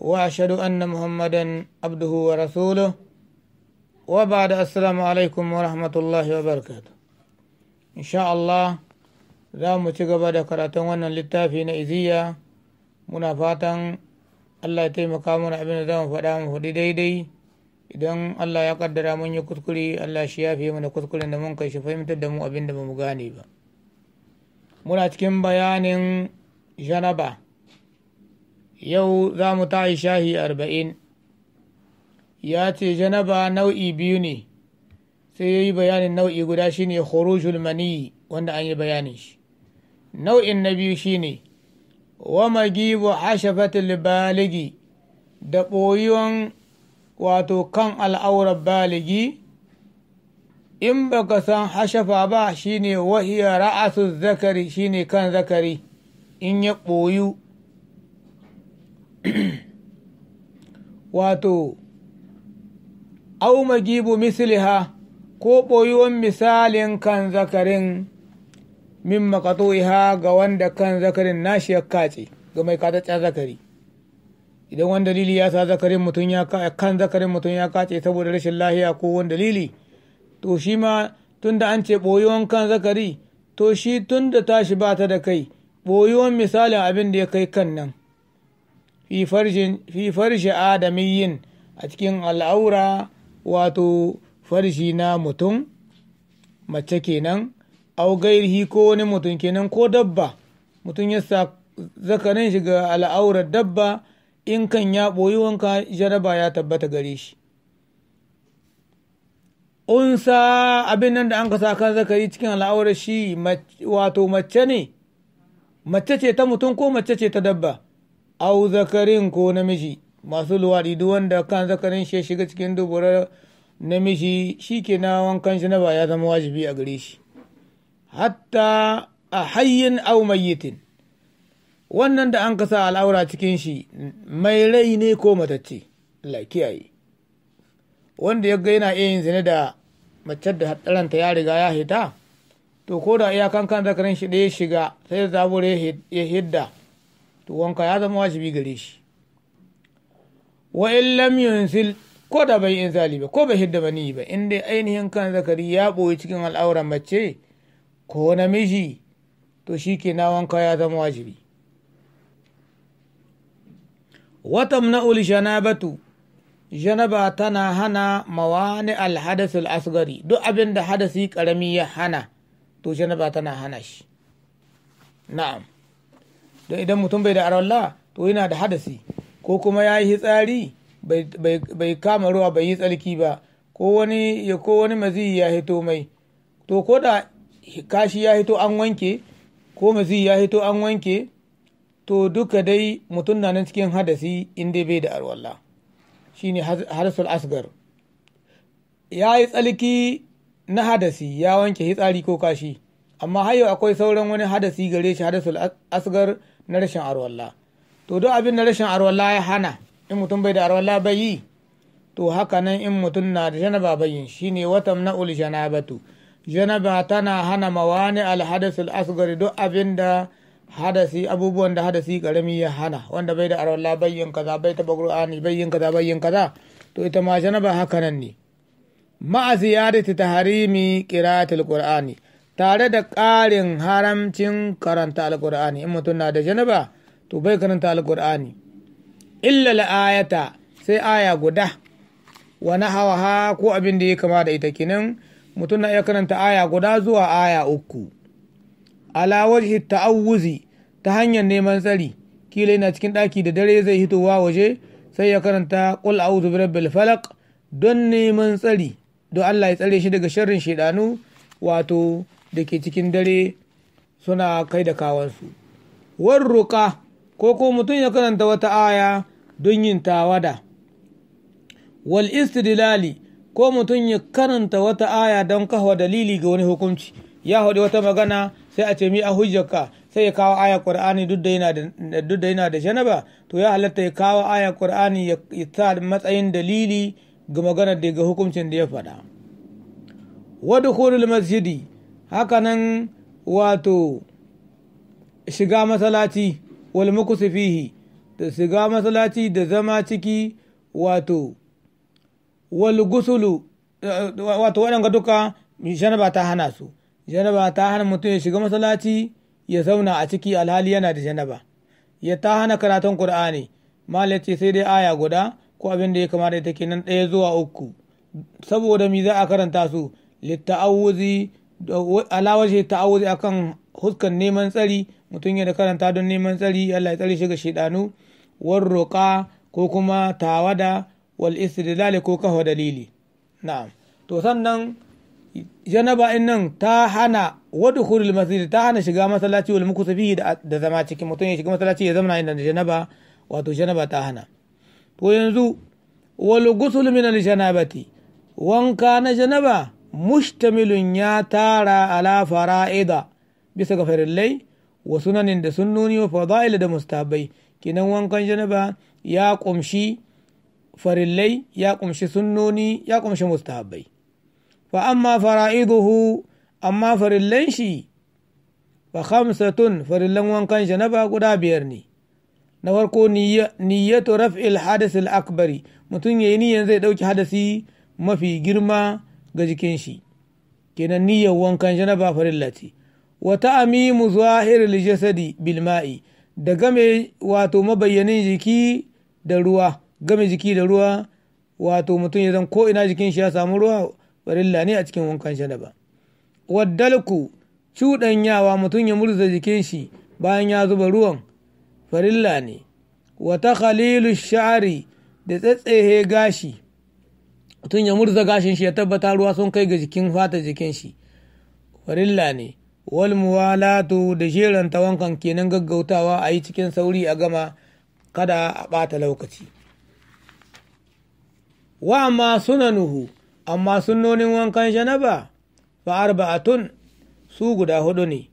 وأشهد أن محمدا عبده ورسوله وبعد السلام عليكم ورحمة الله وبركاته إن شاء الله za mu ci gaba da karatun wannan littafi na iziya muna fatan allah ya taimaka mana abin da za mu faɗa mu faɗi daidai idan allah ya kaddara mun yi kuskure allah shi ya fiye mana kuskuren da mun kai shi fahimtar da mu abin da ba mu gane ba muna cikin bayanin janaba yau za mu tashi shahi arba'in ya ce janaba nau'i biyu ne sai ya yi bayanin nau'i guda shine khurujul mani wanda an yi bayanin shi nau'in na biyu shine wa magibu hashafatul baligi da ɓoyon wato kan al'aurar baligi in baka san hashafa ba shine wahiya ra'asu zakari shine kan zakari in ya ɓoyu wato au magibu misliha ko ɓoyuwan misalin kan zakarin min makatoiha ga wanda kan zakarin nashi ya kace ga mai kataccen zakari idan wani dalili ya sa zakarin mutum ya kan zakarin mutum ya kace saboda rashin lahiya ko wani dalili to shi ma tunda an ce ɓoyuwan kan zakari to shi tunda tashi ba ta da kai ɓoyuwan misalin abin da ya kai kan nan fi farshi adamiyyin a cikin al'aura wato farshi na mutum mace kenan au gairihi ko wani mutum kenan ko dabba mutum ya sa zakarin shiga dabba in kan ya ɓoyi wanka jaraba ya tabbata gare shi unsa abin nan da an kasa kan zakari cikin al'aurar shi wato mace ne mace ce ta mutum ko mace ce ta dabba au zakarin ko namiji masu luwaɗi duk wanda kan zakarin shi shiga cikin duburar namiji shi ke na wankan shi na ba ya zama wajibi a gare shi hatta a hayyin au mayyitin wannan da an kasa al'aura cikin shi mai rai ne ko matacce Allah wanda ya ga yana iya yin zina da mace da hadaranta ya riga ya hita to ko da iyakan kan zakarin shi ɗaya shiga sai zabure ya hidda to wanka ya zama wajibi gare shi wa in lam yunsil ko da bai in ba ko bai hidda bani ba in dai ainihin kan zakari ya boye cikin al'auran mace ko namiji to shi ke na wanka ya zama wajibi watamna'ul janabatu janaba tana hana mawani alhadasul asgari duk abin da hadasi karami ya hana to janaba tana hana shi na'am don idan mutum bai da arwalla to yana da hadasi ko kuma ya yi hitsari bai kama ruwa bai yi tsarki ba ko wani ya ko wani mazi ya hito mai to ko da kashi ya hito an wanke ko mazi ya hito an wanke to duka dai mutum na nan cikin hadasi inda bai da arwalla shine hadasul asgar ya yi tsarki na hadasi ya wanke hitsari ko kashi amma hayo akwai sauran wani hadasi gare shi hadasul asgar na rashin arwalla to duk abin na rashin arwalla ya hana in mutum bai da arwalla bai yi to haka nan in mutum na da janaba bai yi shine watam na ul janabatu janaba tana hana mawani alhadasul asgari duk abin da hadasi abubuwan da hadasi karami ya hana wanda bai da arwalla bai yin kaza bai taba qur'ani bai yin kaza bai yin kaza to ita ma janaba haka nan ne ma'a ziyadati tahrimi qira'atul qur'ani tare da ƙarin haramcin karanta alkur'ani in mutum na da janaba to bai karanta alkur'ani illa ayata sai aya guda wani hawa ko abin da ya kama da ita kinan mutum na iya karanta aya guda zuwa aya uku ala wajhi ta'awuzi ta hanyar neman tsari kila yana cikin ɗaki da dare zai hitowa waje sai ya karanta qul a'udhu birabbil falaq don neman tsari don Allah ya tsare shi daga sharrin shaidanu wato da ke cikin dare suna kai da kawansu warruka ko ko mutum ya karanta wata aya don yin tawada wal istidlali ko mutum ya karanta wata aya don kawo dalili ga wani hukunci ya haɗu wata magana sai a ce mi a hujjaka" sai ya kawo aya qur'ani duk da yana da janaba to ya halatta ya kawo aya qur'ani ya sa matsayin dalili ga maganar da ga hukuncin da ya faɗa wadkhulul masjidi hakanan wato shiga masalaci wal mukusu fihi da shiga masalaci da zama ciki wato wal gusulu eh, wato waɗanga duka janaba ta hana su janaba ta hana mutum ya shiga masalaci ya zauna a ciki alhali yana da janaba ya ta hana karatun qur'ani mal ce sai dai aya guda ko abin da ya kamata ita nan ɗaya zuwa uku saboda mi za a karanta su litta'awuzi awuzi a kan huskan neman tsari mutum ya da karanta don neman tsari Allah ya tsari shiga shidanu war roƙa ko kuma tawada wal istidlal ko kafa dalili na'am to sannan janaba in nan ta hana wadda kuril masjid ta hana shiga masallaci wal muku safihi da zama cikin mutum ya shiga masallaci ya zama inda janaba wato janaba ta hana to yanzu wal gusul min al janabati wanka na janaba mustamilun ya tara ala fara'ida bisa ga farillai wa sunanin da sunnoni wa fada'ila da mustabai kinan wankan janaba ya kumshi farillai ya kumshi sunnoni ya kumshi mustabai fa amma fara'iduhu amma farillan shi fa khamsatun farillan wankan janaba guda biyar ne na farko niyyatu raf'il hadasil akbari mutum yayi niyyan zai dauki hadasi mafi girma ga jikin shi kenan niyyar wankan janaba farilla ce wa ta'mimu zahiril jasadi bil ma'i da game wato mabayyanin jiki da ruwa game jiki da ruwa wato mutum ya zan ko ina jikin shi ya samu ruwa farilla ne a cikin wankan janaba waddalku cuɗanyawa mutum ya murza jikin shi bayan ya zuba ruwan farilla ne wata khalilu sha'ari da tsatsehe gashi mutum ya murza gashin shi ya tabbata ruwa sun kai ga jikin fata jikin shi farilla ne wal muwalatu da jeranta wankan kenan gaggautawa a yi cikin sauri a gama kada a ɓata lokaci wa ma sunanuhu amma sunnonin wankan janaba fa arba'atun su guda hudu ne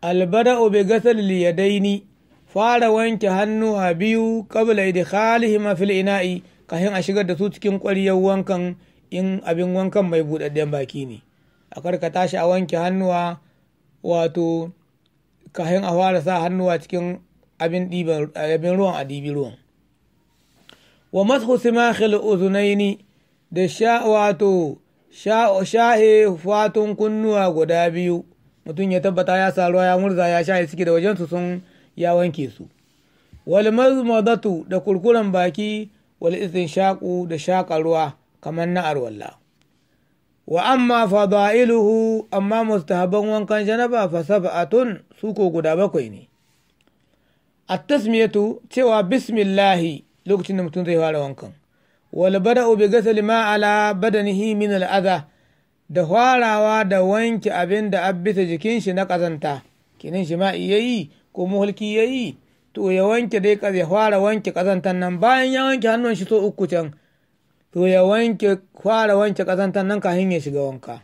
albada obe gasar ya daini fara wanke hannuwa biyu kabla qabla idkhalihima fil ina'i kafin a shigar da su cikin ƙwariyar wankan in abin wankan mai buɗaɗɗen baki ne a karkata shi a wanke hannuwa wato kafin a fara sa hannuwa cikin abin ruwan a dibi ruwan wa masu simakhil uzunaini da sha wato shahe fatun kunnuwa guda biyu mutum ya tabbata ya sa ruwa ya murza ya shahe suke da wajensu sun ya wanke su wal mazmadatu da kurkuran baki wal shaƙu da shaƙa ruwa kamar na arwalla wa amma fada'iluhu amma mustahaban wankan janaba fa sab'atun su ko guda bakwai ne at-tasmiyatu cewa bismillahi lokacin da mutum zai fara wankan wal bada'u bi ghasli ma ala badanihi min al-adha da farawa da wanke abin da abbisa jikin shi na kazanta kinin shi ma yayi ko muhulki yayi to ya wanke dai ya fara wanke kazantan nan bayan ya wanke hannun shi so uku can to ya wanke fara wanke kazantan nan kafin ya shiga wanka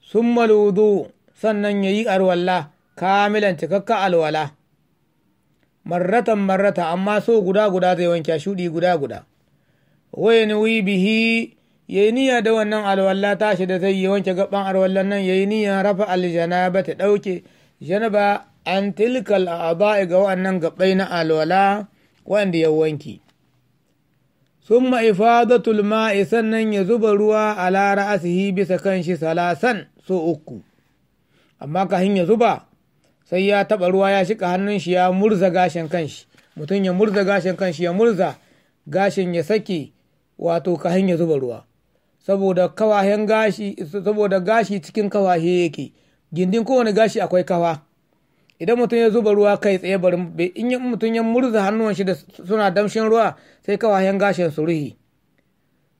sun maludu sannan ya yi alwala kamilan cikakka alwala marratan marrata amma so guda guda zai wanke shuɗi guda guda wai nuwi ya yi niyya da wannan alwala tashi da zai yi wanke gaban alwallan nan ya yi niyya rafa aljana ba ta ɗauke janaba an tilkal a aba'i ga wannan gabai na alwala wanda ya wanke summa ifadatul ma'i sannan ya zuba ruwa ala ra'asihi bisa kanshi salasan so uku amma kahin ya zuba sai ya taɓa ruwa ya shika hannun shi ya murza gashin kanshi mutum ya murza gashin kanshi ya murza gashin ya sake wato kahin ya zuba ruwa saboda kawahen gashi saboda gashi cikin kawahe yake gindin kowane gashi akwai kawa idan mutum ya zuba ruwa kai tsaye bari in mutum ya murza hannuwan shi da suna damshin ruwa sai kawayen gashin su ruhi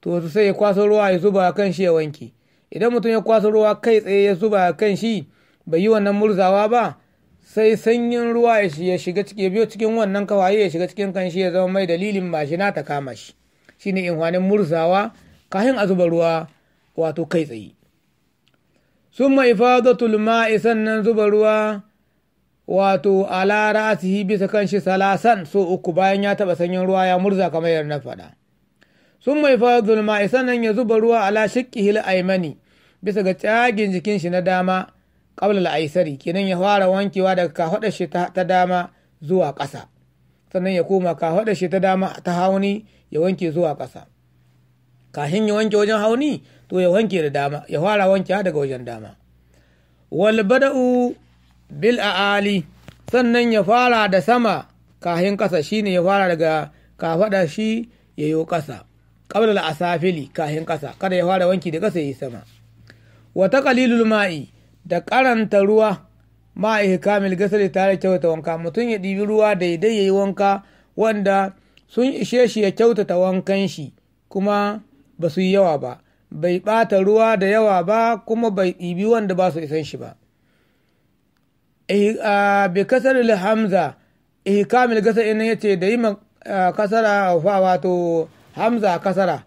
to sai ya kwaso ruwa ya zuba kan shi ya wanke idan mutum ya kwaso ruwa kai tsaye ya zuba kan shi bai yi wannan murzawa ba sai sanyin ruwa ya shiga cikin biyo cikin wannan kawaye ya shiga cikin kan shi ya zama mai dalilin mashina ta kama shi shine inhwanin murzawa kahin a zuba ruwa wato kai tsaye summa ifadatul ma'i sannan zuba ruwa wato ala ra'asihi bisa kan shi salasan so uku bayan ya taɓa sanyin ruwa ya murza kamar yadda na faɗa sun mai fara zulma sannan ya zuba ruwa ala hil aimani bisa ga tsagin jikin shi na dama qabla al-aisari kenan ya fara wankewa daga kafaɗar shi ta dama zuwa ƙasa sannan ya koma kafaɗar shi ta dama ta hauni ya wanke zuwa ƙasa kafin ya wanke wajen hauni to ya wanke da dama ya fara wankewa daga wajen dama wal bada'u bil a'ali sannan ya fara da sama kahin ƙasa shine ya fara daga kafaɗa shi ya yi ƙasa ƙabla asafili kahin ƙasa kada ya fara wanki da ƙasa ya yi sama wata kalilul ma'i da karanta ruwa ma'i kamil gasar tare kyautata wanka mutum ya ɗibi ruwa daidai ya yi wanka wanda sun ishe shi ya kyautata wankan shi kuma ba su yi yawa ba bai ɓata ruwa da yawa ba kuma bai ɗibi wanda ba su isan shi ba Eh, bi kasar hamza ihkamil eh, gasa ya yace da yi kasara fa wato hamza kasara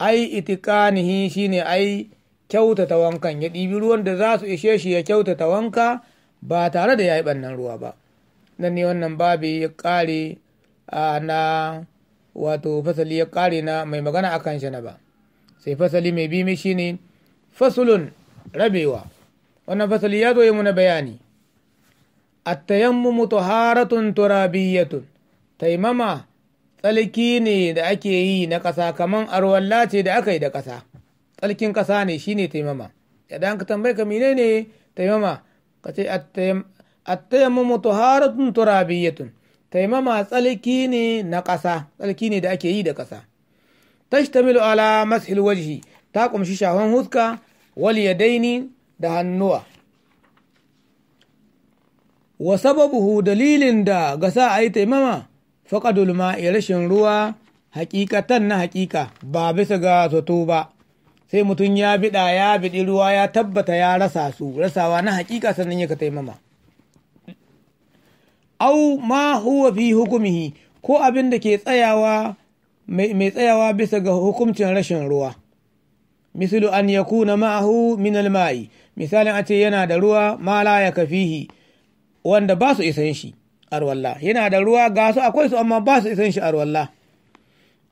ai itikanihi shine ai kyautata wankan ya ɗibi ruwan da za su ishe shi ya kyautata wanka ba tare da ya yi ɓannan ruwa ba nan ne wannan babi ya ƙare na wato fasali ya ƙare na mai magana akan shi na ba sai fasali mai bi ne fasulun rabewa wannan fasali ya zo yi muna bayani attayammumu taharatun turabiyatun taimama tsalki ne da ake yi na ƙasa kaman arwalla ce da aka yi da ƙasa tsalkin ƙasa ne ne taimama an ka tambayi ka menene taimama ka ce attayammumu taharatun turabiyatun taimama tsalki ne na ƙasa tsalki ne da ake yi da ƙasa tashtamilu ala masu wajhi ta ƙumshi shagon huska wal daini. da hannuwa wa sababuhu dalilin da ga sa a yi taimama faƙadul ma'i rashin ruwa hakikatan na hakika ba bisa ga zato ba sai mutum ya biɗa ya biɗi ruwa ya tabbata ya rasa su rasawa na hakika sannan ya ka taimama au ma huwa fi hukumihi ko abin da ke tsayawa mai tsayawa bisa ga hukuncin rashin ruwa misalu an yakuna ma'ahu min al-ma'i misalin a ce yana da ruwa mala ya kafihi wanda ba su isan shi arwalla yana da ruwa ga su akwai su amma ba su isan shi arwalla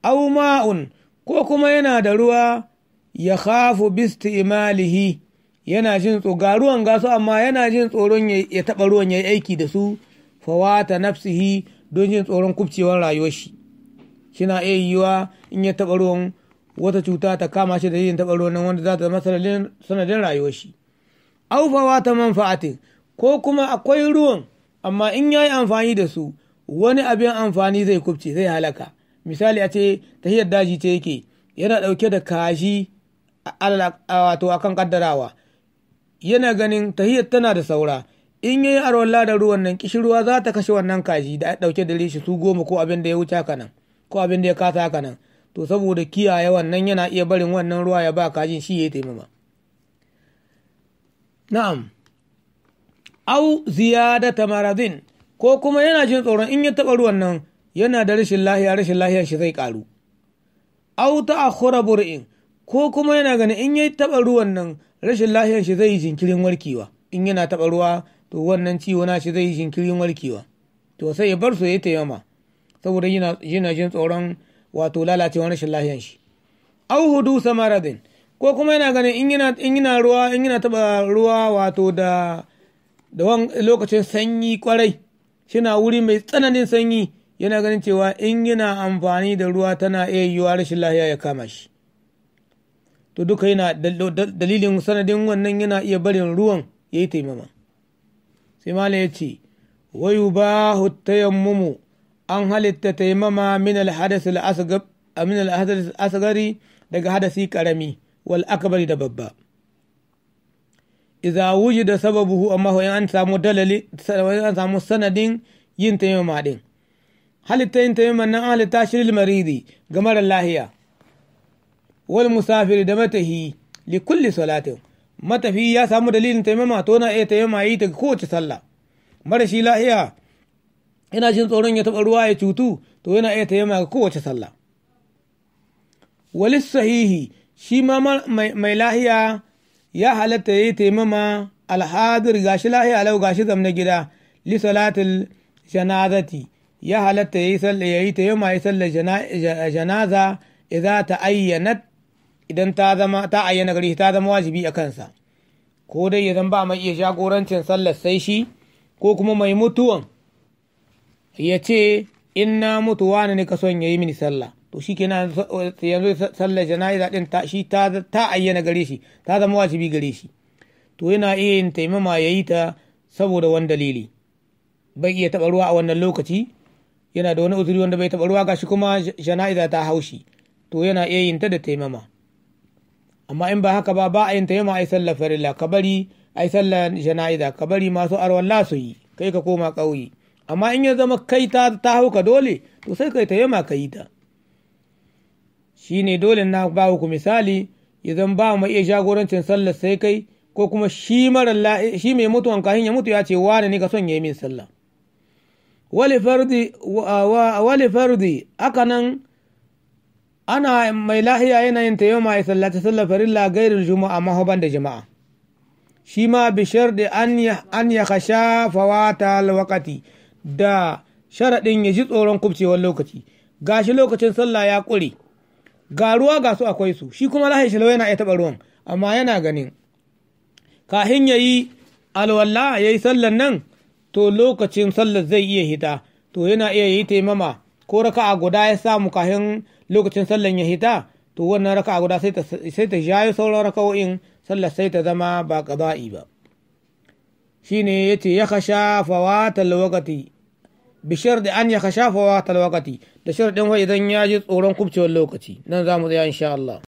au ma'un ko kuma yana da ruwa ya khafu bisti imalihi yana jin ga ruwan gasu amma yana jin tsoron ya taɓa ruwan ya yi aiki da su fawata nafsihi don jin tsoron kubcewar rayuwar shi shina iya yiwa in ya taɓa ruwan wata cuta ta kama shi da yin taɓa ruwan wanda za ta zama sanadin rayuwar shi aufawa ta manfa'atin ko kuma akwai ruwan amma in ya yi amfani da su wani abin amfani zai kubce zai halaka misali a ce tahiyar daji ce yake yana ɗauke da kashi wato akan kaddarawa yana ganin tahiyar tana da saura in yayi arwalla da ruwan nan kishirwa za ta kashe wannan kashi da ɗauke da rishi su goma ko abin da ya wuce haka ko abin da ya kasa kanan to saboda kiyaye wannan yana iya barin wannan ruwa ya ba kajin shi ya taimama na'am au ziyada maradin ko kuma yana jin tsoron in ya taɓa ruwan nan yana da rashin lahiya rashin lahiyar shi zai ƙaru au ta'akhura bur'in ko kuma yana ganin in ya taɓa ruwan nan rashin lahiyar shi zai yi jinkirin warkewa in yana taɓa ruwa to wannan ciwo na shi zai yi jinkirin warkewa to sai ya bar su ya taimama saboda yana jin tsoron wato lalacewa rashin lahiyar shi au hudu samaradin ko kuma yana ganin in yana in yana ruwa in yana taba ruwa wato da da lokacin sanyi kwarai shina wuri mai tsananin sanyi yana ganin cewa in yana amfani da ruwa tana iya yiwuwa rashin lahiya ya kama shi to duka yana dalilin sanadin wannan yana iya barin ruwan ya yi taimama sai mala ya ce wayu ba tayammumu an halitta taimama min alhadas asgari daga hadasi karami wal akbari da babba idza wujida sababuhu amma in an samu dalali an sanadin yin taimama din halitta yin taimama nan halitta shiril maridi ga mara lahiya wal musafir da matahi li kulli salatin matafi ya samu dalilin taimama to na iya taimama yi ta kowace sallah mara shi lahiya yana jin tsoron ya taɓa ruwa ya cutu to yana iya taimama ga kowace sallah walis sahihi shi ma mai lahiya ya halatta ya yi taimama alhadir gashi lahiya alau gashi zamna gida li salatil janazati ya halatta ya yi taimama ya sallar janaza idan ta ayyana idan ta zama ta ayyana gari ta zama wajibi a kansa ko dai ya zan ba mai iya jagorancin sallar sai shi ko kuma mai mutuwan ya ce in na mutuwa ne ka son ya yi mini sallah to shi ke yanzu sallar jana'iza din ta shi ta ayyana gare shi ta zama wajibi gare shi to yana iya yin taimama ya yi ta saboda wani dalili bai iya taɓa ruwa a wannan lokaci yana da wani uzuri wanda bai taɓa ruwa gashi kuma jana'iza ta haushi to yana iya yin ta da taimama amma in ba haka ba ba a yin taimama ai sallar farilla ka bari ai sallar jana'iza ka bari masu arwalla su yi kai ka koma ƙauye amma in ya zama kai ta hauka dole to sai kai taimama ka yi ta Shi ne dole na ba ku misali idan ba mu iya jagorancin sallar sai kai ko kuma shi mara shi mai mutuwan kahin ya mutu ya ce wani ne ka son ya yi min sallah wali fardi haka nan ana mai lahiya yanayin ta yau ya sallaci sallar farilla gairin juma'a mahoban da jama'a shi ma bishar da an ya kasha fawata wakati da sharaɗin ya ji tsoron kubcewar lokaci gashi lokacin sallah ya ƙure ga ruwa ga su akwai su shi kuma lahi shalau yana iya taɓa ruwan amma yana ganin kahin ya yi alwala ya yi sallan nan to lokacin sallar zai iya hita to yana iya yi taimama ko raka'a guda ya samu kahin lokacin sallan ya hita to wannan raka'a guda sai ta jayo sauran raka'o'in sallar sai ta zama ba qada'i ba shine yace ya kasha fawatal waqti bishar da an ya kasha fawatal waqti da shirin fa idan ya ji tsoron kubcewar lokaci nan za mu tsaya insha Allah